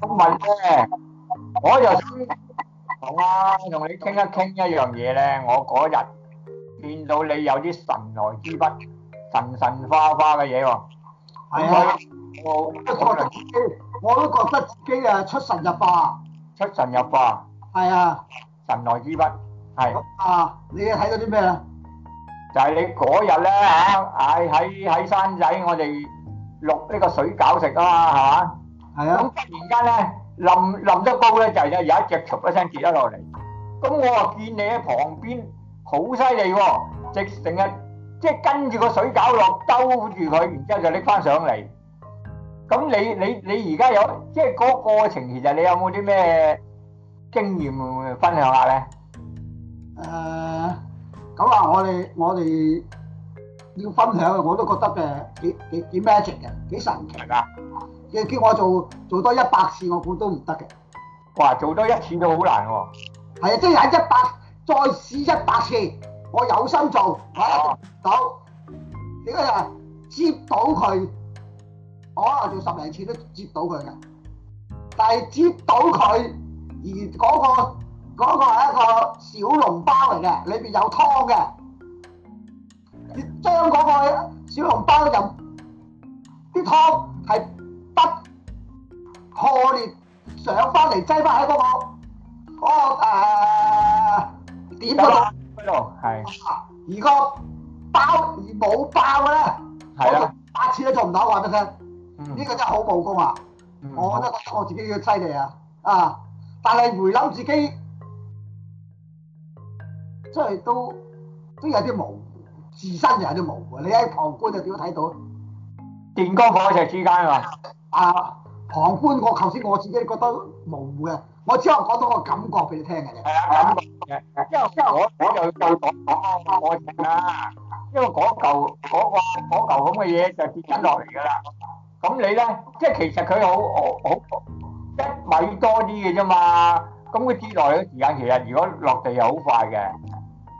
咁問咧，我就先講啦，同你傾一傾一樣嘢咧。我嗰日見到你有啲神來之筆，神神化化嘅嘢喎。係啊，我都覺得自己，我都覺得自己啊出神入化。出神入化。係啊，神來之筆。係。咁啊，你睇到啲咩啊？就係你嗰日咧，喺喺喺山仔，我哋錄呢個水餃食啊嘛，係嘛？係啊，咁忽然間咧，冧冧得高咧、哦，就係有一隻嘈一聲跌咗落嚟。咁我話見你喺旁邊好犀利喎，直成日即係跟住個水餃落兜住佢，然之後就拎翻上嚟。咁你你你而家有即係嗰個過程，其實你有冇啲咩經驗分享下咧？誒、呃，咁啊，我哋我哋要分享，我都覺得嘅幾幾幾 magic 嘅，幾神奇㗎！你叫我做做多一百次，我估都唔得嘅。哇！做多一次就好難喎，係。啊，即係喺一百再試一百次，我有心做，我做得到。點解啊？接到佢，我可能做十零次都接到佢嘅。但係接到佢，而嗰、嗰個嗰係、嗰個、一個小籠包嚟嘅，裏邊有湯嘅。你將嗰個小籠包入啲湯係。不破裂上翻嚟，擠翻喺嗰個嗰、那個誒、呃、點嗰、那、度、個，係的。而個爆而冇爆嘅咧，的我八次都做唔到，我話俾你聽，呢、嗯、個真係好冇功啊！嗯、我覺得我自己嘅犀利啊，啊、嗯！但係回流自己即係都都有啲模糊。自身就有啲模糊。你喺旁觀又點睇到？電光火石之間啊。嘛？啊！旁觀我頭先我自己覺得模糊嘅，我只係講到個感覺俾你聽嘅啫。啊，感覺嘅。之後之後我我又再講講愛情啦，因為嗰嚿嗰嚿咁嘅嘢就跌緊落嚟㗎啦。咁你咧，即係其實佢好好一米多啲嘅啫嘛。咁佢跌落嚟嘅時間其實如果落地又好快嘅。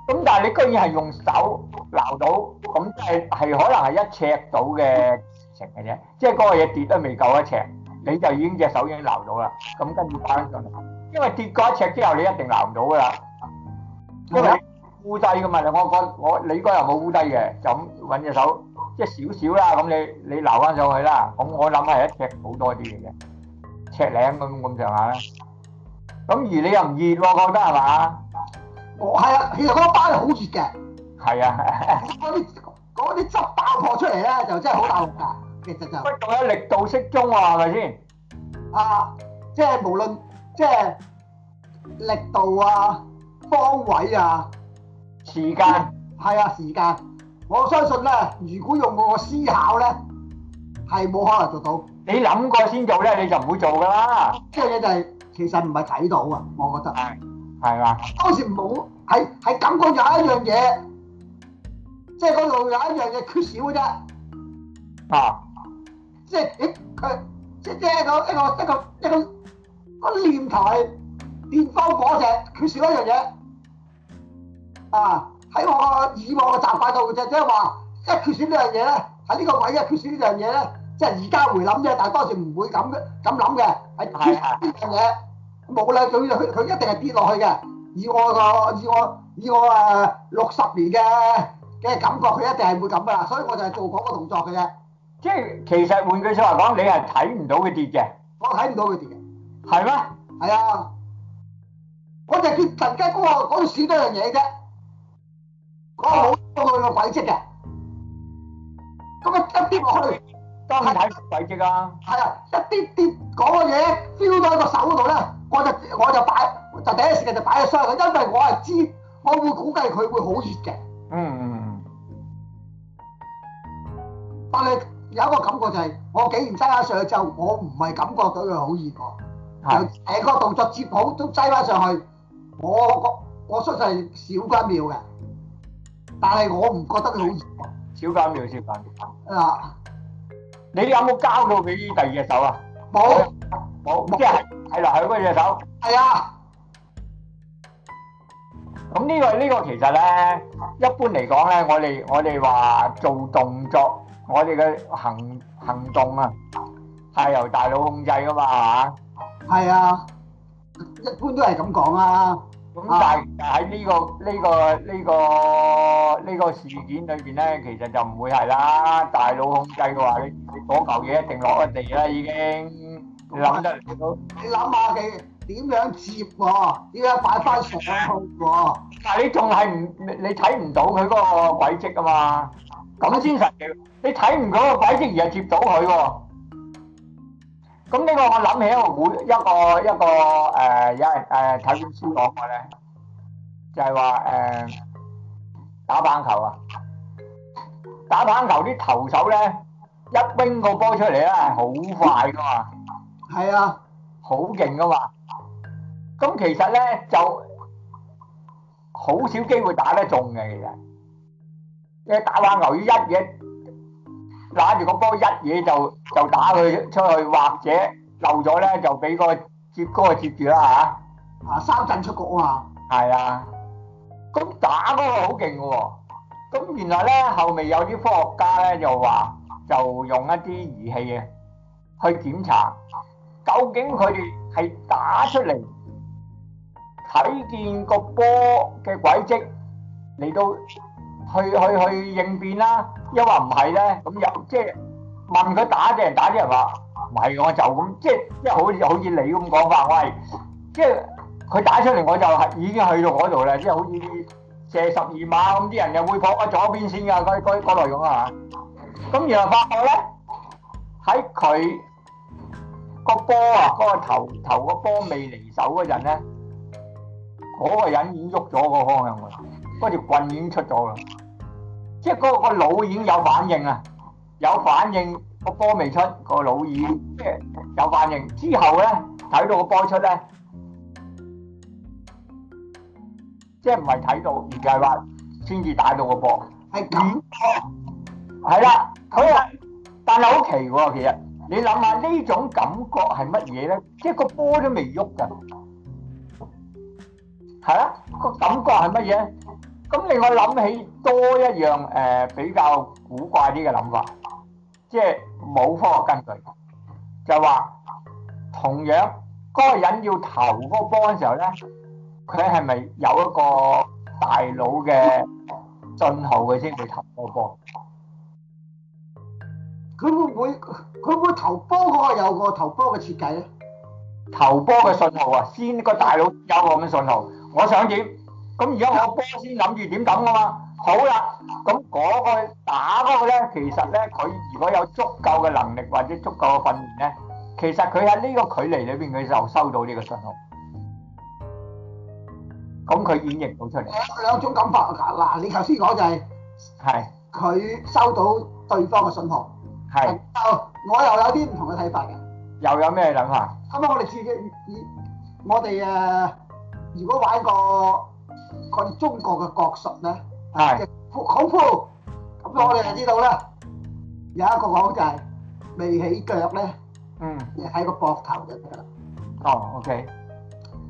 咁但係你居然係用手撈到，咁即係係可能係一尺到嘅。成嘅啫，即係嗰個嘢跌得未夠一尺，你就已經隻手已經留到啦。咁跟住翻上嚟，因為跌過一尺之後，你一定留唔到噶啦。因為污漬噶嘛，我個我你嗰又冇污漬嘅，就咁揾隻手，即係少少啦。咁你你留翻上去啦。咁我諗係一尺好多啲嘅，尺零咁咁上下啦。咁而你又唔熱喎？我覺得係嘛？係啊，其實嗰包好熱嘅。係啊，嗰啲嗰啲汁爆破出嚟咧，就真係好大噶。其實就，不過咧力度適中啊，係咪先？啊，即係無論，即係力度啊，方位啊，時間，係啊，時間。我相信咧，如果用我嘅思考咧，係冇可能做到。你諗過先做咧，你就唔會做㗎啦。呢樣嘢就係其實唔係睇到啊，我覺得。係，係啊。當時冇喺喺感覺有一樣嘢，即係嗰度有一樣嘢缺少㗎啫。啊。即係，佢即即係一個一個一個一個一個念頭係點翻火嘅，缺少一樣嘢啊！喺我以往嘅習慣度啫，即係話一缺少呢樣嘢咧，喺呢個位嘅缺少呢樣嘢咧，即係而家回諗啫，但係當時唔會咁咁諗嘅。係係係，呢樣嘢冇啦，佢佢一定係跌落去嘅。以我個以我以我誒六十年嘅嘅感覺，佢一定係會咁噶啦，所以我就係做嗰個動作嘅啫。即係其實換句説話講，你係睇唔到佢跌嘅。我睇唔到佢跌嘅。係咩嗎？係啊，我就見陳家高講少多樣嘢啫，講好多個軌跡嘅。咁、那個、一跌落去，當年睇軌跡啊。係啊，一啲啲講嘅嘢 feel 到喺個手度咧，我就我就擺就第一時間就擺咗箱嘅，因為我係知我會估計佢會好熱嘅。嗯。但係。有一個感覺就係，我竟然擠翻上去之後，我唔係感覺到佢好熱喎。就成個動作接好都擠翻上去，我覺我出就係小幾秒嘅，但係我唔覺得佢好熱。小幾秒，小幾秒。啊，你哋有冇交到俾第二隻手啊？冇，冇，即係係啦，佢嗰隻手。係啊。咁呢個呢個其實咧，一般嚟講咧，我哋我哋話做動作。我哋嘅行行動啊，係由大腦控制噶嘛，係嘛，係啊，一般都係咁講啊。咁但係喺呢個呢個呢個呢個事件裏邊咧，其實就唔會係啦。大腦控制嘅話，你你攞嚿嘢一定落個地啦，已經諗得到。你諗下佢點樣接喎？點樣擺翻上去喎。但係你仲係唔你睇唔到佢嗰個軌跡啊嘛？咁先神奇，你睇唔到個擺，即而又接到佢喎。咁呢個我諗起一個會一個一個誒，有人誒體育書講過咧，就係話誒打棒球啊，打棒球啲投手咧一掹個波出嚟咧係好快㗎嘛，係啊，好勁㗎嘛。咁其實咧就好少機會打得中嘅其實。打一打翻牛，拿一嘢攬住個波，一嘢就就打佢出去，或者漏咗咧，就俾個接哥個接住啦嚇。啊，三振出局啊嘛。係啊，咁、啊、打嗰個好勁嘅喎。咁原來咧，後尾有啲科學家咧就話，就用一啲儀器啊，去檢查究竟佢哋係打出嚟睇見個波嘅軌迹嚟到去去去應變啦！因為唔係咧，咁又即係問佢打啲人，打啲人話唔係，我就咁即係即係好似好似你咁講法，喂，即係佢打出嚟，我就係已經去到嗰度啦。即係好似射十二碼咁，啲人又會撲左邊先㗎，嗰類咁啊！咁、嗯、然後發覺咧，喺佢個波啊，嗰、那個頭頭個波未離手嗰陣咧，嗰、那個人已經喐咗個方向啦，嗰條棍已經出咗啦。即係嗰個個腦已經有反應啊，有反應個波未出，個腦已經即係有反應。之後咧睇到個波出咧，即係唔係睇到而係話先至打到個波。係點，係啦，佢話，但係好奇喎，其實你諗下呢種感覺係乜嘢咧？即係個波都未喐噶，係啊，個感覺係乜嘢？咁令我諗起多一樣誒、呃、比較古怪啲嘅諗法，即係冇科學根據，就話同樣嗰人要投嗰波嘅時候咧，佢係咪有一個大腦嘅信候嘅先會投嗰波？佢會唔會佢會，會投波嗰有個投波嘅設計咧？投波嘅信號啊，先個大佬有我嘅信號，我想點？咁而家我波先諗住點諗噶嘛？好啦，咁嗰個打嗰個咧，其實咧，佢如果有足夠嘅能力或者足夠嘅訓練咧，其實佢喺呢個距離裏邊佢就收到呢個信號，咁佢演繹到出嚟。兩兩種感覺啊！嗱，你頭先講就係係佢收到對方嘅信號，係。我又有啲唔同嘅睇法嘅。又有咩諗法？咁我哋自己，我哋誒，如果玩個。佢中國嘅國術咧，係好酷。咁我哋就知道啦，有一個講就係未起腳咧，嗯，你喺個膊頭就得啦。哦，OK。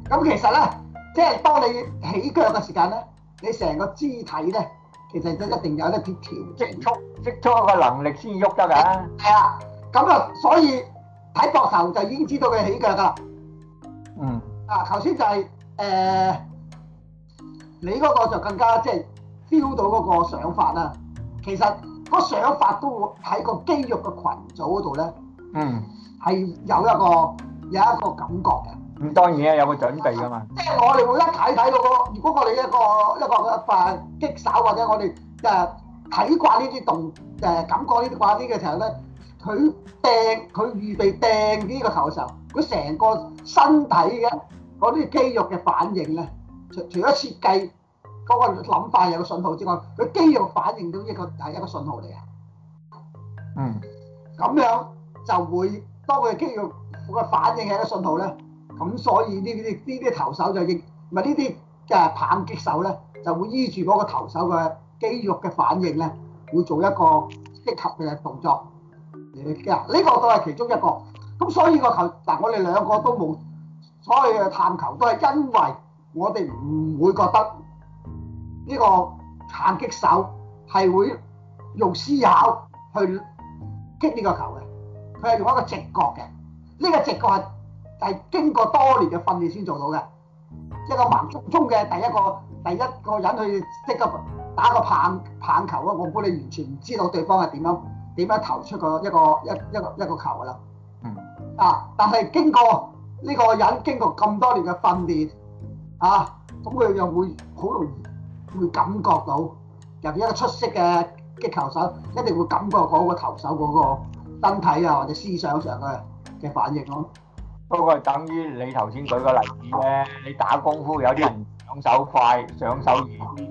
咁其實咧，即係當你起腳嘅時間咧，你成個肢體咧，其實都一定有一啲調節喐，喐一個嘅能力先喐得嘅。係啊，咁啊、欸，所以睇膊頭就已經知道佢起腳噶啦。嗯。啊，頭先就係、是、誒。呃你嗰個就更加即係 feel 到嗰個想法啦。其實個想法都會喺個肌肉嘅群組嗰度咧，嗯，係有一個、嗯、有一個感覺嘅。咁當然啊，有個準備㗎嘛。即係我哋會一睇睇到個，如果我哋一個一個一塊擊手或者我哋誒睇慣呢啲動誒感覺呢啲掛呢嘅時候咧，佢掟佢預備掟呢個球嘅時候，佢成個身體嘅嗰啲肌肉嘅反應咧。除咗設計嗰個諗法有個信號之外，佢肌肉反應到呢個係一個信號嚟嘅。嗯，咁樣就會當佢嘅肌肉、嗰個反應係一個信號咧，咁所以呢啲呢啲投手就亦唔係呢啲嘅棒擊手咧，就會依住嗰個投手嘅肌肉嘅反應咧，會做一個適合嘅動作嚟嘅。呢個都係其中一個。咁所以個球嗱，但我哋兩個都冇所謂嘅探球都係因為。我哋唔會覺得呢個棒擊手係會用思考去擊呢個球嘅，佢係用一個直覺嘅。呢個直覺係係經過多年嘅訓練先做到嘅。一個盲舂舂嘅第一個第一個人去即刻打個棒棒球啊！我估你完全唔知道對方係點樣點樣投出個一個一一個一個球㗎啦。嗯。啊！但係經過呢個人經過咁多年嘅訓練。啊，咁佢又會好容易會感覺到，入一個出色嘅擊球手，一定會感覺到個投手嗰個身體啊或者思想上嘅嘅反應咯、啊。不過等於你頭先舉個例子咧，你打功夫有啲人上手快，上手易啲，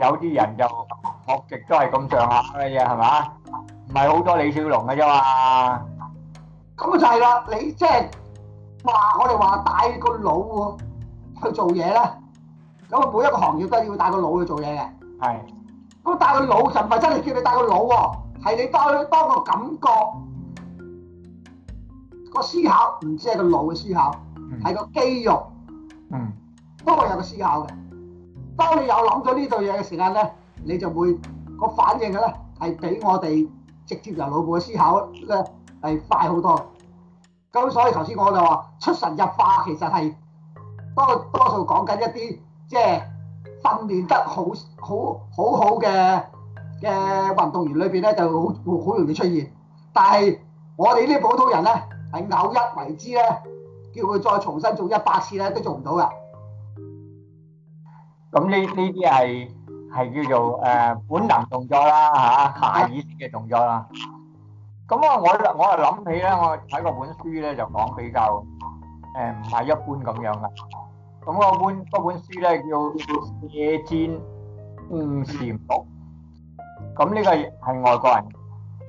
有啲人就學極都係咁上下嘅嘢，係嘛？唔係好多李小龍嘅啫嘛。咁就係啦，你即係話我哋話大個腦喎，去做嘢咧，咁啊，每一個行業都係要帶個腦去做嘢嘅。係的，咁帶個腦，就唔係真係叫你帶個腦喎、啊，係你帶去當個感覺，那個思考唔止係個腦嘅思考，係、嗯、個肌肉，嗯，都係有個思考嘅。當你有諗咗呢對嘢嘅時間咧，你就會、那個反應咧係比我哋直接由腦部嘅思考咧係快好多。咁所以頭先我就話出神入化其實係。多多數講緊一啲即係訓練得好好，好好好嘅嘅運動員裏邊咧就好好容易出現，但係我哋呢啲普通人咧係偶一為之咧，叫佢再重新做一百次咧都做唔到噶。咁呢呢啲係係叫做誒本能動作啦嚇，下意識嘅動作啦。咁啊，啊啊的我我又諗起咧，我睇過本書咧就講比較誒唔係一般咁樣噶。咁嗰本本書咧叫射箭誤時錄，咁呢個係外國人，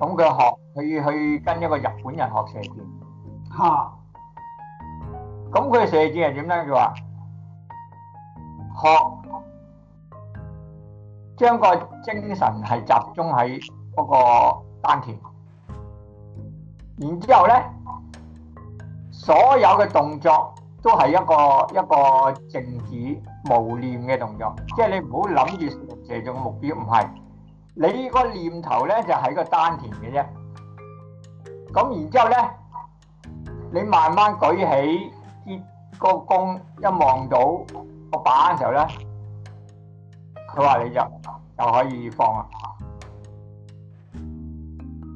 咁、嗯、佢學去去跟一個日本人學射箭，嚇、啊，咁佢嘅射箭係點咧？佢話學將個精神係集中喺嗰個丹田，然之後咧所有嘅動作。都係一個一個靜止無念嘅動作，即係你唔好諗住射中嘅目標，唔係你個念頭咧就喺一個丹田嘅啫。咁然之後咧，你慢慢舉起啲、那個弓，一望到個板嘅時候咧，佢話你就就可以放啦。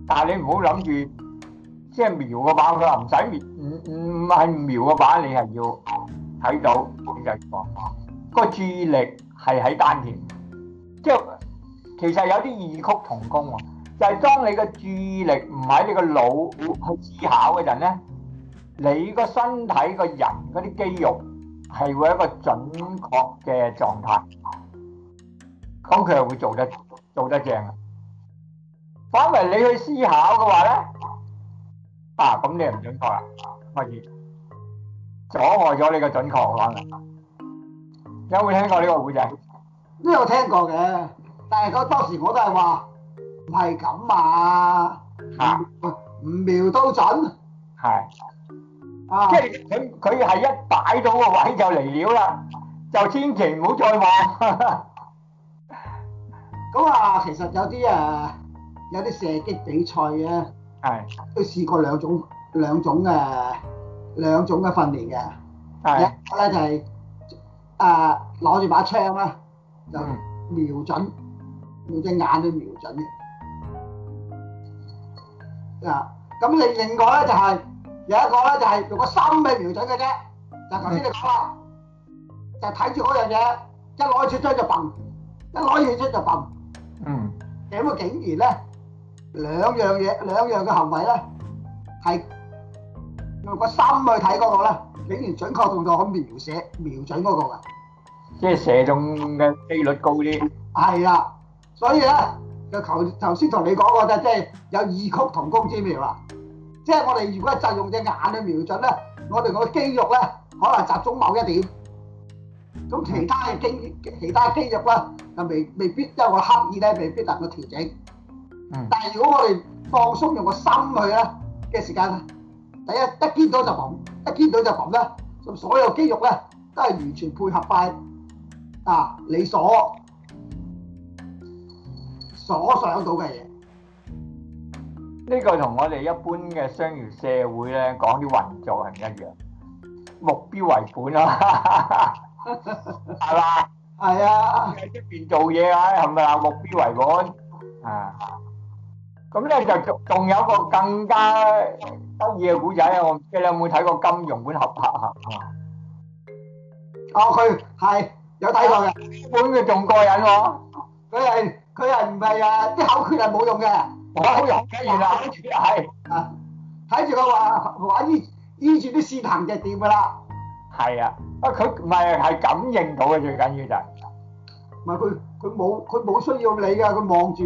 但係你唔好諗住。即係瞄嘅話，佢話唔使瞄，唔唔係瞄嘅話，你係要睇到先得嘅。個注意力係喺丹田，即係其實有啲異曲同工喎。就係當你嘅注意力唔喺你個腦去思考嘅陣咧，你個身體個人嗰啲肌肉係會一個準確嘅狀態，咁佢又會做得做得正嘅。反為你去思考嘅話咧？啊，咁你唔準確啦，開、啊、始阻礙咗你嘅準確可能。有冇聽過呢個故仔？都有聽過嘅，但係嗰當時我都係話唔係咁嘛，嚇唔、啊啊、瞄都準，係，啊，即係佢佢係一擺到個位就嚟了啦，就千祈唔好再話。咁 啊，其實有啲誒、啊，有啲射擊比賽嘅、啊。係，佢試過兩種兩種嘅兩種嘅訓練嘅，的一個咧就係啊攞住把槍咧就瞄準、嗯、用隻眼去瞄準嘅，咁、嗯、你、嗯、另外咧就係有一個咧就係、是、用個心去瞄準嘅啫，就頭先你講啦，嗯、就睇住嗰樣嘢，一攞住支槍就嘣，一攞起支槍就嘣，嗯，咁啊竟然咧。兩樣嘢，兩樣嘅行為咧，係用個心去睇嗰個啦，竟然準確動到到咁描寫瞄準嗰個，即係射中嘅機率高啲。係啦，所以咧，就頭頭先同你講過啫，即係有異曲同工之妙啦。即係我哋如果就用隻眼去瞄準咧，我哋個肌肉咧可能集中某一點，咁其他嘅肌其他肌肉咧就未未必因為我刻意咧，未必能夠調整。但係，如果我哋放鬆用個心去咧嘅時間咧，第一一見到就撳，一見到就撳咧，咁所有肌肉咧都係完全配合曬啊！你所所想到嘅嘢，呢個同我哋一般嘅商業社會咧講啲運作係唔一樣，目標為本咯，係嘛？係啊，喺出邊做嘢啊，係咪啊？目標為本啊！咁咧就仲仲有個更加得意嘅古仔啊！我唔知你有冇睇過金融本合拍啊？哦，佢係有睇過嘅，本佢仲過癮喎。佢係佢係唔係啊？啲口訣係冇用嘅，我好認真啊！口訣係啊，睇住佢話依依住啲線行就掂㗎啦。係啊，啊佢唔係係感應到嘅，最緊要就係，唔係佢佢冇佢冇需要你㗎，佢望住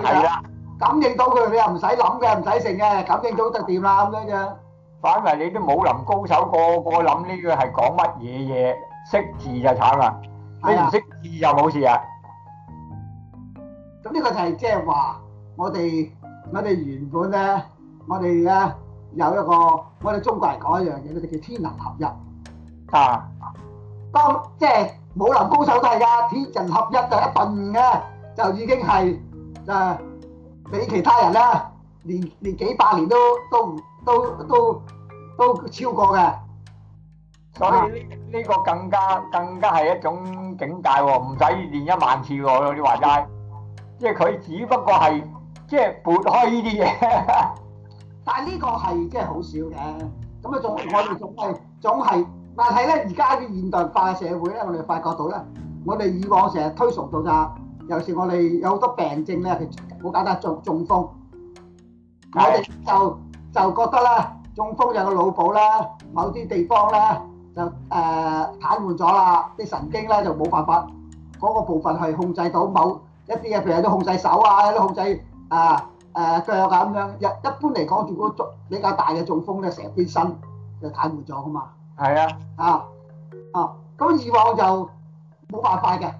係啦。感應到佢，你又唔使諗嘅，唔使剩嘅，感應到得掂啦，咁樣啫。反為你啲武林高手個個諗呢個係講乜嘢嘢？識字就慘啦，你唔識字就冇事啊。咁呢個就係即係話我哋我哋原本咧，我哋咧有一個我哋中國人講一樣嘢佢哋叫天人合一。啊！當即係武林高手都係噶，天人合一就一頓嘅，就已經係誒。就係比其他人啦，連連幾百年都都唔都都都超過嘅，所以呢呢個更加更加係一種境界喎、哦，唔使練一萬次喎，我啲話齋，即係佢只不過係即係撥開呢啲嘢。但係呢個係即係好少嘅，咁啊，仲我哋總係總係，但係咧而家嘅現代化嘅社會咧，我哋發覺到咧，我哋以往成日推崇到咋。尤其有時我哋有好多病症咧，好簡單，中中風。的我哋就就覺得咧，中風有個腦部咧，某啲地方咧就誒癱、呃、瘓咗啦，啲神經咧就冇辦法嗰，那個部分去控制到某一啲嘅病人都控制手啊，啲控制啊誒、呃呃、腳啊咁樣。一一般嚟講，住個中比較大嘅中風咧，成邊身就癱瘓咗噶嘛。係的啊，啊啊，咁、啊、以往就冇辦法嘅。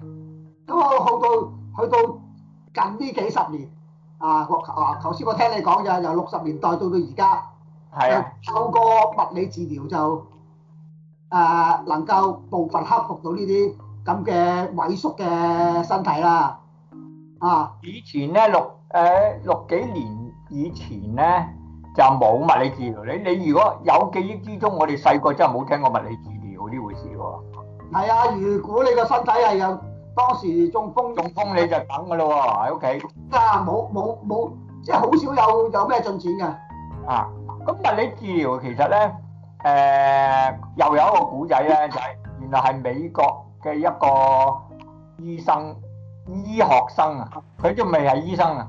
咁好到去到近呢幾十年啊，我啊頭先我聽你講嘅，由六十年代到到而家，係啊，透過、啊、物理治療就誒、啊、能夠部分克服到呢啲咁嘅萎縮嘅身體啦。啊，以前咧六誒六幾年以前咧就冇物理治療，你你如果有記憶之中，我哋細個真係冇聽過物理治療呢回事喎、啊。係啊，如果你個身體係有。當時中風，中風你就等㗎咯喎，喺屋企啊冇冇冇，即係好少有有咩進展㗎。啊，咁物理治療其實咧，誒又有一個故仔咧，就係原來係美國嘅一個醫生醫學生啊，佢都未係醫生啊。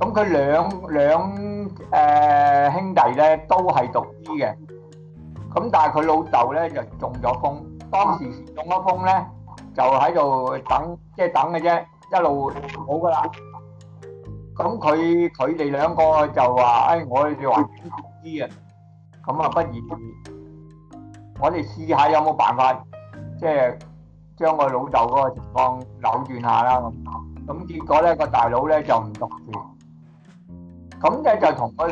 咁佢兩兩誒兄弟咧都係讀醫嘅，咁但係佢老豆咧就中咗風，當時中咗風咧。就喺度等，即係等嘅啫，一路好噶啦。咁佢佢哋兩個就話：，哎，我哋還啲工資啊！咁啊，不如我哋試下有冇辦法，即係將我老豆嗰個情況扭轉下啦。咁咁結果咧，個大佬咧就唔讀書，咁咧就同佢。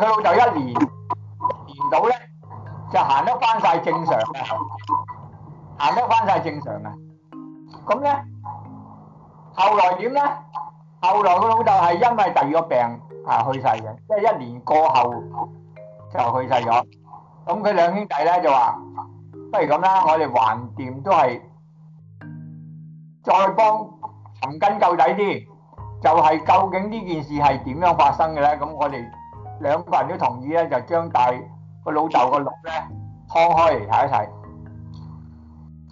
佢老豆一年一年到咧，就行得翻晒正常嘅，行得翻晒正常嘅。咁咧，後來點咧？後來個老豆係因為第二個病啊去世嘅，即係一年過後就去世咗。咁佢兩兄弟咧就話：不如咁啦，我哋橫掂都係再幫尋根究底啲，就係、是、究竟呢件事係點樣發生嘅咧？咁我哋。兩個人都同意咧，就將大個老豆個腦咧拖開嚟睇一睇。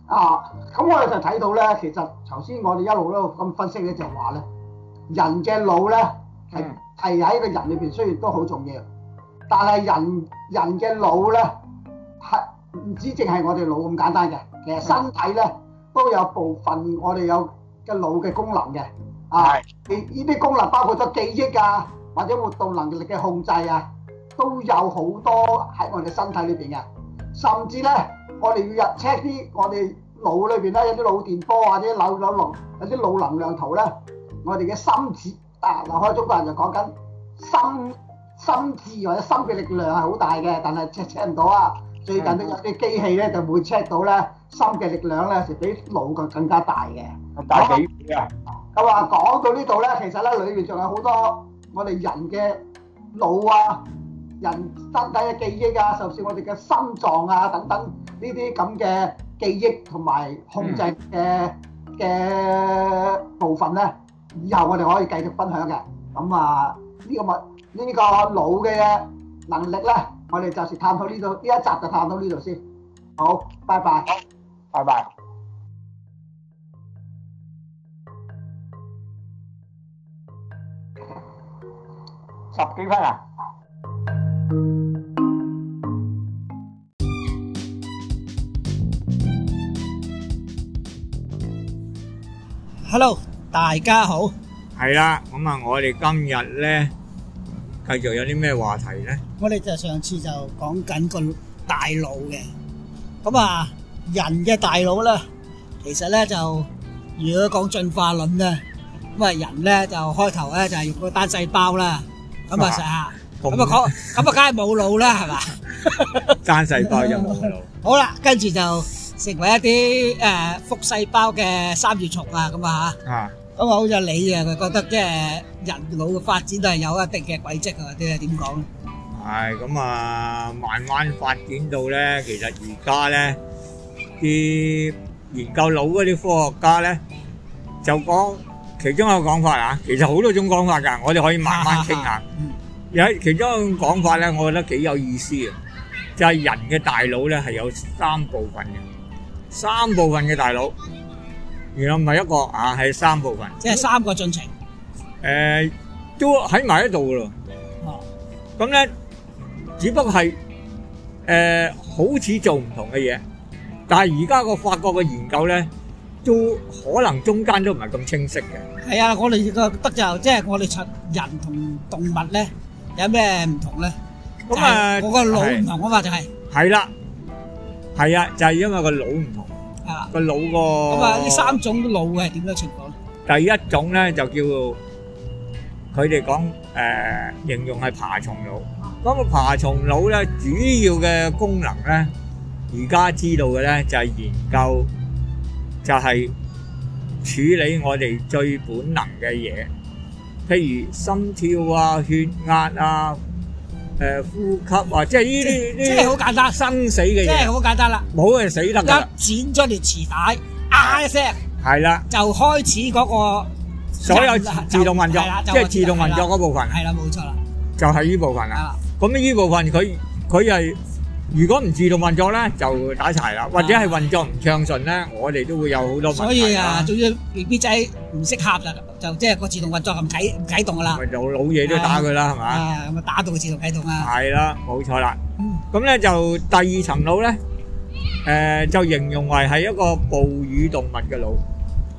啊，咁我哋就睇到咧，其實頭先我哋一路都咁分析嘅，就話、是、咧，人嘅腦咧係係喺個人裏邊，雖然都好重要，但係人人嘅腦咧係唔止淨係我哋腦咁簡單嘅，其實身體咧都有部分我哋有嘅腦嘅功能嘅。係是。你呢啲功能包括咗記憶啊，或者活動能力嘅控制啊，都有好多喺我哋身體裏邊嘅，甚至咧，我哋要入 check 啲我哋腦裏邊咧，有啲腦電波啊，或者扭扭龍，有啲腦能量圖咧，我哋嘅心智啊，嗱，中國人就講緊心心智或者心嘅力量係好大嘅，但係 check check 唔到啊。最近都有啲機器咧就會 check 到咧心嘅力量咧，有時比腦更加大嘅。大幾倍啊？咁啊，講到呢度咧，其實咧裏面仲有好多。我哋人嘅腦啊，人身體嘅記憶啊，甚至我哋嘅心臟啊等等呢啲咁嘅記憶同埋控制嘅嘅部分咧，以後我哋可以繼續分享嘅。咁啊，呢、呢個物呢、呢個腦嘅能力咧，我哋暫時探到呢度，呢一集就探到呢度先。好，拜拜，好拜拜。咁佢依家，Hello，大家好，係啦，咁啊，我哋今日咧繼續有啲咩話題咧？我哋就上次就講緊個大腦嘅，咁啊，人嘅大腦咧，其實咧就如果講進化論咧，咁啊，人咧就開頭咧就係用個單細胞啦。咁啊實啊，咁啊講，咁啊梗係冇腦啦，係嘛？單細胞就冇腦。好啦，跟住就成為一啲誒複細胞嘅三葉蟲啊，咁啊嚇。啊。咁啊，好似你啊，佢覺得即係人腦嘅發展都係有一定嘅軌跡嘅，啲係點講？係咁啊，慢慢發展到咧，其實而家咧啲研究腦嗰啲科學家咧就講。其中一個講法啊，其實好多種講法㗎，我哋可以慢慢傾下。有其中一個講法咧，我覺得幾有意思嘅，就係人嘅大腦咧係有三部分嘅，三部分嘅大腦，原來唔係一個啊係三部分，即係三個進程，誒都喺埋一度咯。哦，咁咧，只不過係誒好似做唔同嘅嘢，但係而家個法國嘅研究咧。都可能中間都唔係咁清晰嘅。係啊，我哋個得就即係我哋人同動物咧有咩唔同咧？咁啊，我個腦唔同，我話就係。係啦，係啊，就係因為個腦唔同。啊，個腦個。咁啊，呢三種腦係點樣情況咧？第一種咧就叫佢哋講誒，形容係爬蟲腦。咁個爬蟲腦咧，主要嘅功能咧，而家知道嘅咧就係研究。就係處理我哋最本能嘅嘢，譬如心跳啊、血壓啊、誒呼吸啊，即係呢啲呢啲。即係好簡單，生死嘅嘢。即係好簡單啦，冇係死得。即係剪咗條磁帶，啊一聲，係啦，就開始嗰個所有自動運作，即係自動運作嗰部分。係啦，冇錯啦，就係呢部分啦。咁呢呢部分佢佢係。如果唔自動運作咧，就打柴啦；或者係運作唔暢順咧，我哋都會有好多問題啊！所以啊，仲要 B B 仔唔適合啦，就即係個自動運作唔啟唔啟動噶啦。咪就老嘢都打佢啦，係咪？啊，咪打到佢自動啟動啊！係啦，冇錯啦。咁咧就第二層腦咧，誒，就形容為係一個哺乳動物嘅腦。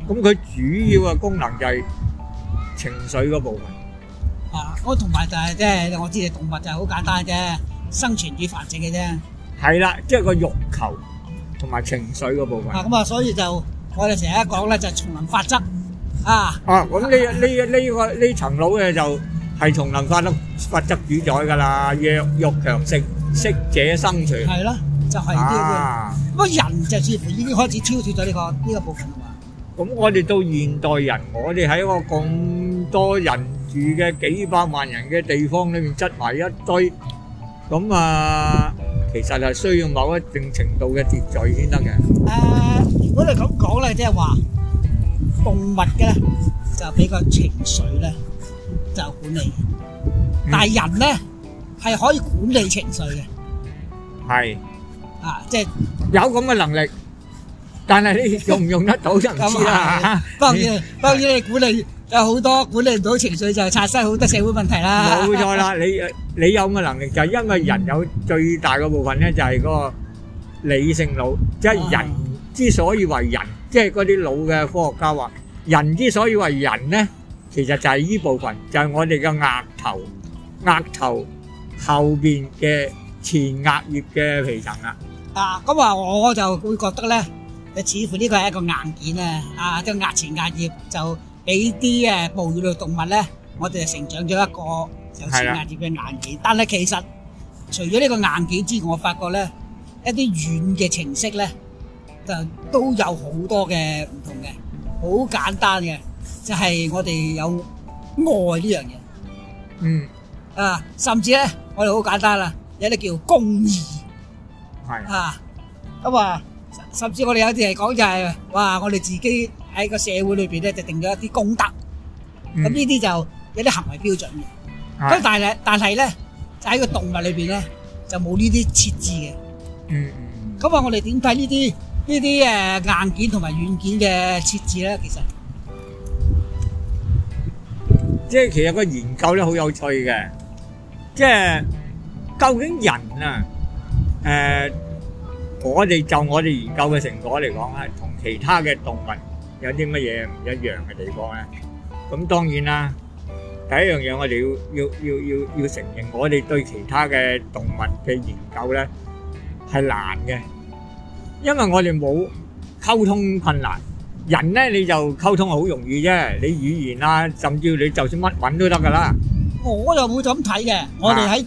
咁佢主要嘅功能就係情緒嗰部分。啊，我同埋就係即係我知你動物就係好簡單啫。生存與繁殖嘅啫，係啦，即係個慾求同埋情緒嗰部分啊。咁啊，所以就我哋成日講咧，就係叢林法則啊。哦，咁呢呢呢個呢層腦咧，就係叢林法則法則主宰噶啦。弱肉強食，適者生存，係咯，就係呢啲。咁人就似乎已經開始超越咗呢個呢個部分啦。咁我哋到現代人，我哋喺一個咁多人住嘅幾百萬人嘅地方裏面，執埋一堆。咁啊，其實係需要某一定程度嘅秩序先得嘅。誒，如果你咁講咧，即係話動物嘅咧就比較情緒咧就管理，但係人咧係可以管理情緒嘅。係。啊，即係有咁嘅能力，但係你用唔用得到就唔知啦。當然，當然你管理。有好多管理唔到情緒，就產生好多社會問題啦。冇錯啦，你你有嘅能力， 就因為人有最大嘅部分咧，就係個理性腦。即係人之所以為人，即係嗰啲腦嘅科學家話，人之所以為人咧，其實就係依部分，就係我哋嘅額頭，額頭後邊嘅前額葉嘅皮層啦。啊，咁啊，我就會覺得咧，似乎呢個係一個硬件啊，啊，個額前額葉就。俾啲誒哺乳類動物咧，我哋就成長咗一個有尖牙齒嘅硬件。但係其實除咗呢個硬件之外，我發覺咧一啲軟嘅程式咧就都有好多嘅唔同嘅。好簡單嘅就係我哋有愛呢樣嘢。嗯。啊，甚至咧我哋好簡單啦，有啲叫公義。係。啊，咁啊，甚至我哋有啲係講就係哇，我哋自己。喺個社會裏邊咧就定咗一啲公德，咁呢啲就有啲行為標準嘅。咁但係但係咧，就喺個動物裏邊咧就冇呢啲設置嘅。嗯嗯嗯。咁啊，我哋點睇呢啲呢啲誒硬件同埋軟件嘅設置咧？其實即係其實個研究咧好有趣嘅，即係究竟人啊，誒，我哋就我哋研究嘅成果嚟講咧同其他嘅動物。有啲乜嘢唔一樣嘅地方咧？咁當然啦，第一樣嘢我哋要要要要要承認，我哋對其他嘅動物嘅研究咧係難嘅，因為我哋冇溝通困難。人咧，你就溝通好容易啫，你語言啊，甚至你就算乜揾都得噶啦。我就會咁睇嘅。我哋喺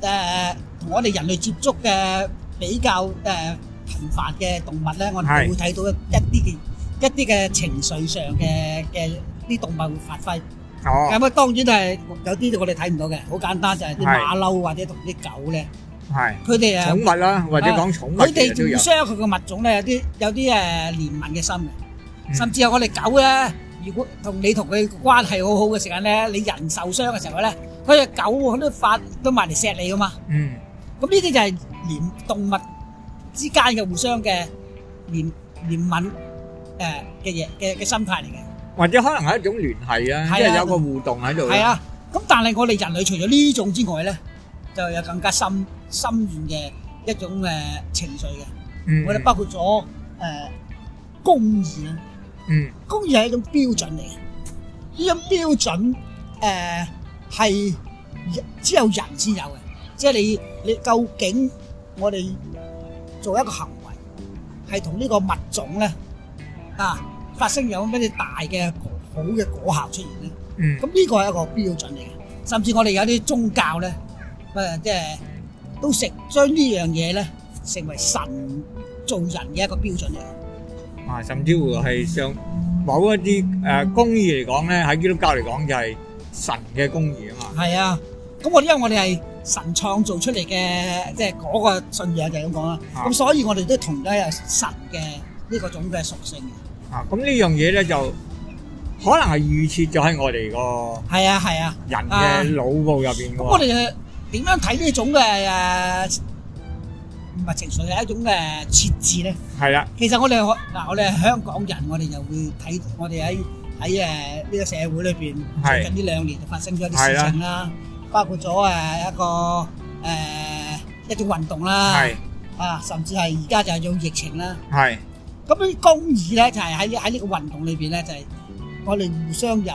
誒同我哋人類接觸嘅比較誒頻繁嘅動物咧，我哋會睇到一啲嘅。一啲嘅情緒上嘅嘅啲動物會發揮，咁啊當然都係有啲我哋睇唔到嘅，好簡單就係啲馬騮或者同啲狗咧，係佢哋啊寵物啦，或者講寵物嘅都有。佢哋互相佢個物種咧，有啲有啲誒憐憫嘅心嘅，甚至係我哋狗咧，如果同你同佢關係好好嘅時間咧，你人受傷嘅時候咧，佢隻狗都發都埋嚟錫你噶嘛。嗯，咁呢啲就係連動物之間嘅互相嘅憐憐憫。誒嘅嘢嘅嘅心態嚟嘅，或者可能係一種聯繫啊，係啊，即係有個互動喺度。係啊，咁但係我哋人類除咗呢種之外咧，就有更加深深遠嘅一種誒情緒嘅。我哋包括咗誒公義啊，嗯，公義係一種標準嚟嘅，呢種標準誒係只有人先有嘅，即係你你究竟我哋做一個行為係同呢個物種咧？啊！發生有乜嘢大嘅好嘅果效出現咧？咁呢、嗯、個係一個標準嚟嘅，甚至我哋有啲宗教咧，誒即係都成將呢樣嘢咧，成為神做人嘅一個標準嚟啊，甚至乎係上某一啲誒、呃、公義嚟講咧，喺基督教嚟講就係神嘅公義啊嘛。係、嗯、啊，咁我因為我哋係神創造出嚟嘅，即係嗰個信仰就係咁講啦。咁、啊、所以我哋都同咗有神嘅。呢個種嘅屬性啊！咁呢樣嘢咧就可能係預設咗喺我哋個係啊係啊人嘅腦部入邊。我哋點樣睇呢種嘅誒唔係情緒係一種嘅設置咧？係啊，其實我哋可嗱，我哋係香港人，我哋就會睇我哋喺喺誒呢個社會裏邊最近呢兩年就發生咗一啲事情啦，包括咗誒一個誒一種運動啦，啊，甚至係而家就係種疫情啦，係。咁啲公義咧，就係喺喺呢個運動裏邊咧，就係、是、我哋互相有、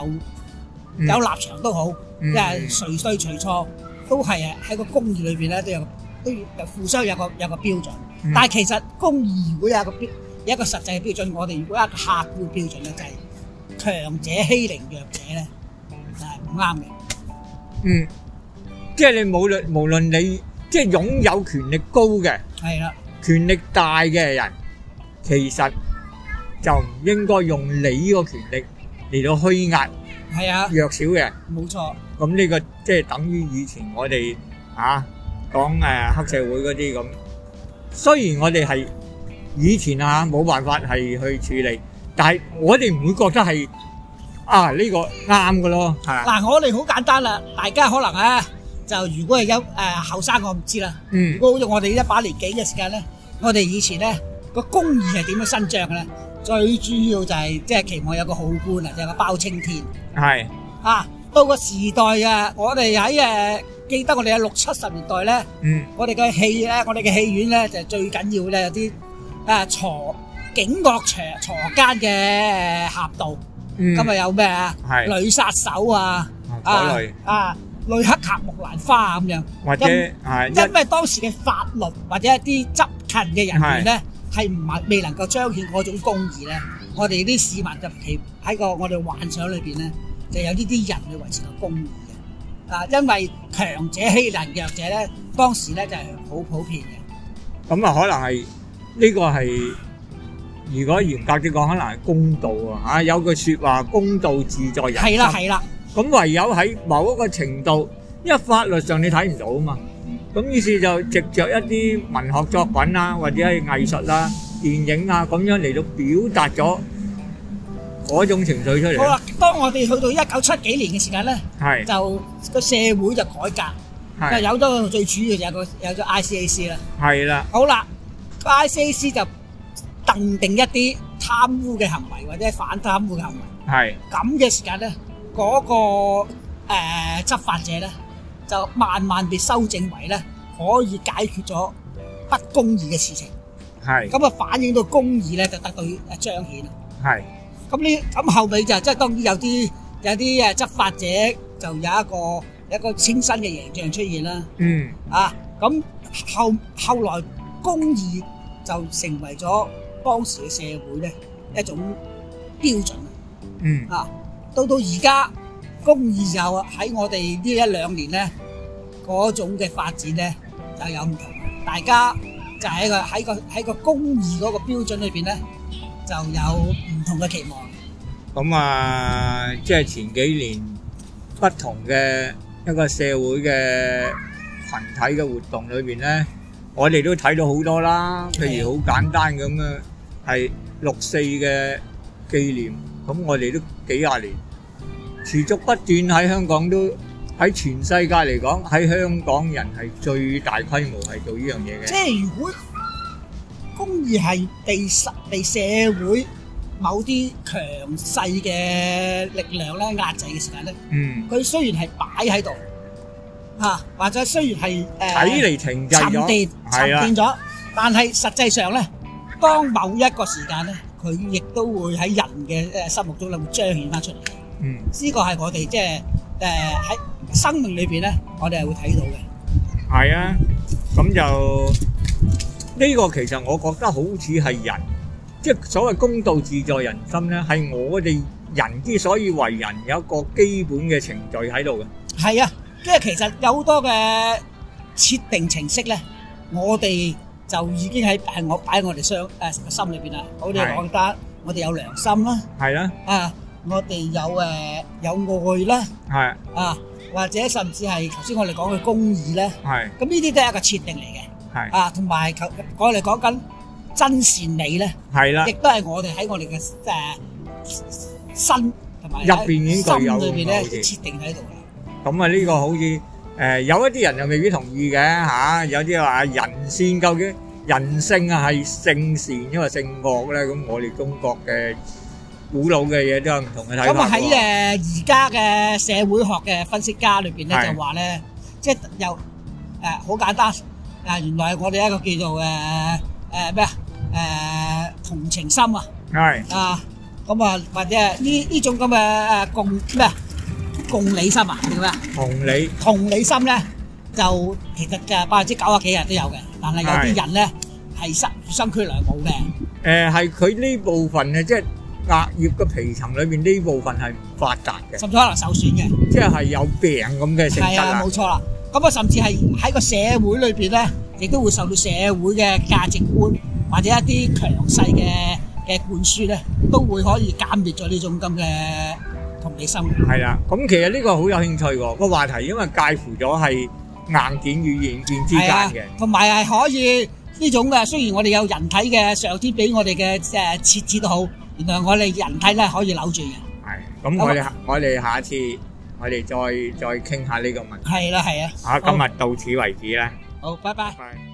嗯、有立場都好，即係、嗯、誰衰誰、誰錯，都係誒喺個公義裏邊咧都有都要互相有個有個標準。嗯、但係其實公義如果有一個標，有一個實際嘅標準，我哋如果一個客觀標準呢就係、是，強者欺凌弱者咧，就係唔啱嘅。嗯，即係你冇論無論你即係擁有權力高嘅，係啦、嗯，的權力大嘅人。其實就唔應該用你依個權力嚟到虛壓係啊弱小嘅人，冇錯。咁呢沒錯 個即係等於以前我哋啊講誒、呃、黑社會嗰啲咁。雖然我哋係以前啊，冇辦法係去處理，但係我哋唔會覺得係啊呢、這個啱㗎咯。係嗱，我哋好簡單啦。大家可能啊，就如果係有誒後生，我唔知啦。嗯。如果好似我哋一把年紀嘅時間咧，我哋以前咧。個公義係點樣伸張嘅咧？最主要就係即係期望有個好官啊，有個包青天。係啊，到個時代啊，我哋喺誒記得我哋喺六七十年代咧，嗯，我哋嘅戲咧，我哋嘅戲院咧就最緊要咧有啲誒鋤警惡鋤鋤奸嘅俠盜。今日有咩啊？係女殺手啊，啊啊女黑俠木蘭花咁樣，或者係因為當時嘅法律或者一啲執勤嘅人員咧。係唔係未能夠彰顯嗰種公義咧？我哋啲市民尤其喺個我哋幻想裏邊咧，就有呢啲人去維持個公義嘅。嗱，因為強者欺凌弱者咧，當時咧就係好普遍嘅。咁啊，可能係呢個係如果嚴格啲講，可能係公道啊。嚇，有句說話，公道自在人心。係啦，係啦。咁唯有喺某一個程度，因為法律上你睇唔到啊嘛。咁於是就藉著一啲文學作品啊，或者係藝術啊、電影啊咁樣嚟到表達咗嗰種情緒出嚟。好啦，當我哋去到一九七幾年嘅時間咧，就個社會就改革，就有咗最主要就有個有咗 ICAC 啦。係啦。好啦，ICAC 就定定一啲貪污嘅行為或者反貪污嘅行為。係。咁嘅時間咧，嗰個誒執法者咧。就慢慢被修正為咧，可以解決咗不公義嘅事情。係咁啊，反映到公義咧，就得到彰顯。係咁呢，咁後尾就即係當然有啲有啲誒執法者就有一個一個清新嘅形象出現啦。嗯啊，咁後後來公義就成為咗當時嘅社會咧一種標準。嗯啊，到到而家公義就喺我哋呢一兩年咧。嗰種嘅發展咧就有唔同，大家就係一個喺個喺個公義嗰個標準裏邊咧就有唔同嘅期望。咁啊、嗯，即係前幾年不同嘅一個社會嘅群體嘅活動裏邊咧，我哋都睇到好多啦。譬如好簡單咁嘅，係的六四嘅紀念，咁我哋都幾廿年持續不斷喺香港都。喺全世界嚟講，喺香港人係最大規模係做呢樣嘢嘅。即係如果公義係被實、被社會某啲強勢嘅力量咧壓制嘅時間咧，嗯，佢雖然係擺喺度嚇，或者雖然係誒睇嚟停滯咗，沉澱，沉澱咗，但係實際上咧，當某一個時間咧，佢亦都會喺人嘅誒心目中咧會彰顯返出嚟嘅。嗯，呢個係我哋即係誒喺。生命裏邊咧，我哋係會睇到嘅。係啊，咁就呢個其實我覺得好似係人，即係所謂公道自在人心咧，係我哋人之所以為人有一個基本嘅程序喺度嘅。係啊，即係其實有好多嘅設定程式咧，我哋就已經喺係我擺喺我哋心誒心裏邊啦。我哋講得，我哋有良心啦，係啦，啊，我哋有誒有愛啦，係啊。或者甚至係頭先我哋講嘅公義咧，咁呢啲都係一個設定嚟嘅，的啊，同埋我哋嚟講緊真善美咧，係啦的，亦都係我哋喺我哋嘅誒身同埋心裏邊咧，像設定喺度嘅。咁啊，呢個好似誒、呃、有一啲人又未必同意嘅嚇、啊，有啲話人善究竟人性啊係性善因為性惡咧，咁我哋中國嘅。古老嘅嘢都係唔同嘅睇法。咁啊喺誒而家嘅社會學嘅分析家裏邊咧，就話咧，即係又誒好簡單。誒原來我哋一個叫做誒誒咩啊誒同情心啊，係啊，咁啊或者呢呢種咁嘅誒共咩啊共理心啊叫咩啊？同理。同理心咧就其實嘅百分之九十幾啊都有嘅，但係有啲人咧係身身居兩冇嘅。誒係佢呢部分嘅即係。額葉嘅皮層裏邊呢部分係唔發達嘅，甚至可能受損嘅，即係有病咁嘅性質啦。嗯、啊，冇錯啦。咁啊，甚至係喺個社會裏邊咧，亦都會受到社會嘅價值觀或者一啲強勢嘅嘅灌輸咧，都會可以鑑別咗呢種咁嘅同理心。係啦、啊，咁其實呢個好有興趣喎個話題，因為介乎咗係硬件與軟件之間嘅，同埋係可以呢種嘅。雖然我哋有人體嘅上天俾我哋嘅誒設置都好。原來我哋人體都可以扭住嘢，咁我哋、嗯、下次我哋再再傾下呢個問題，係啦係啊，嚇今日到此為止啦，好，拜拜。拜拜。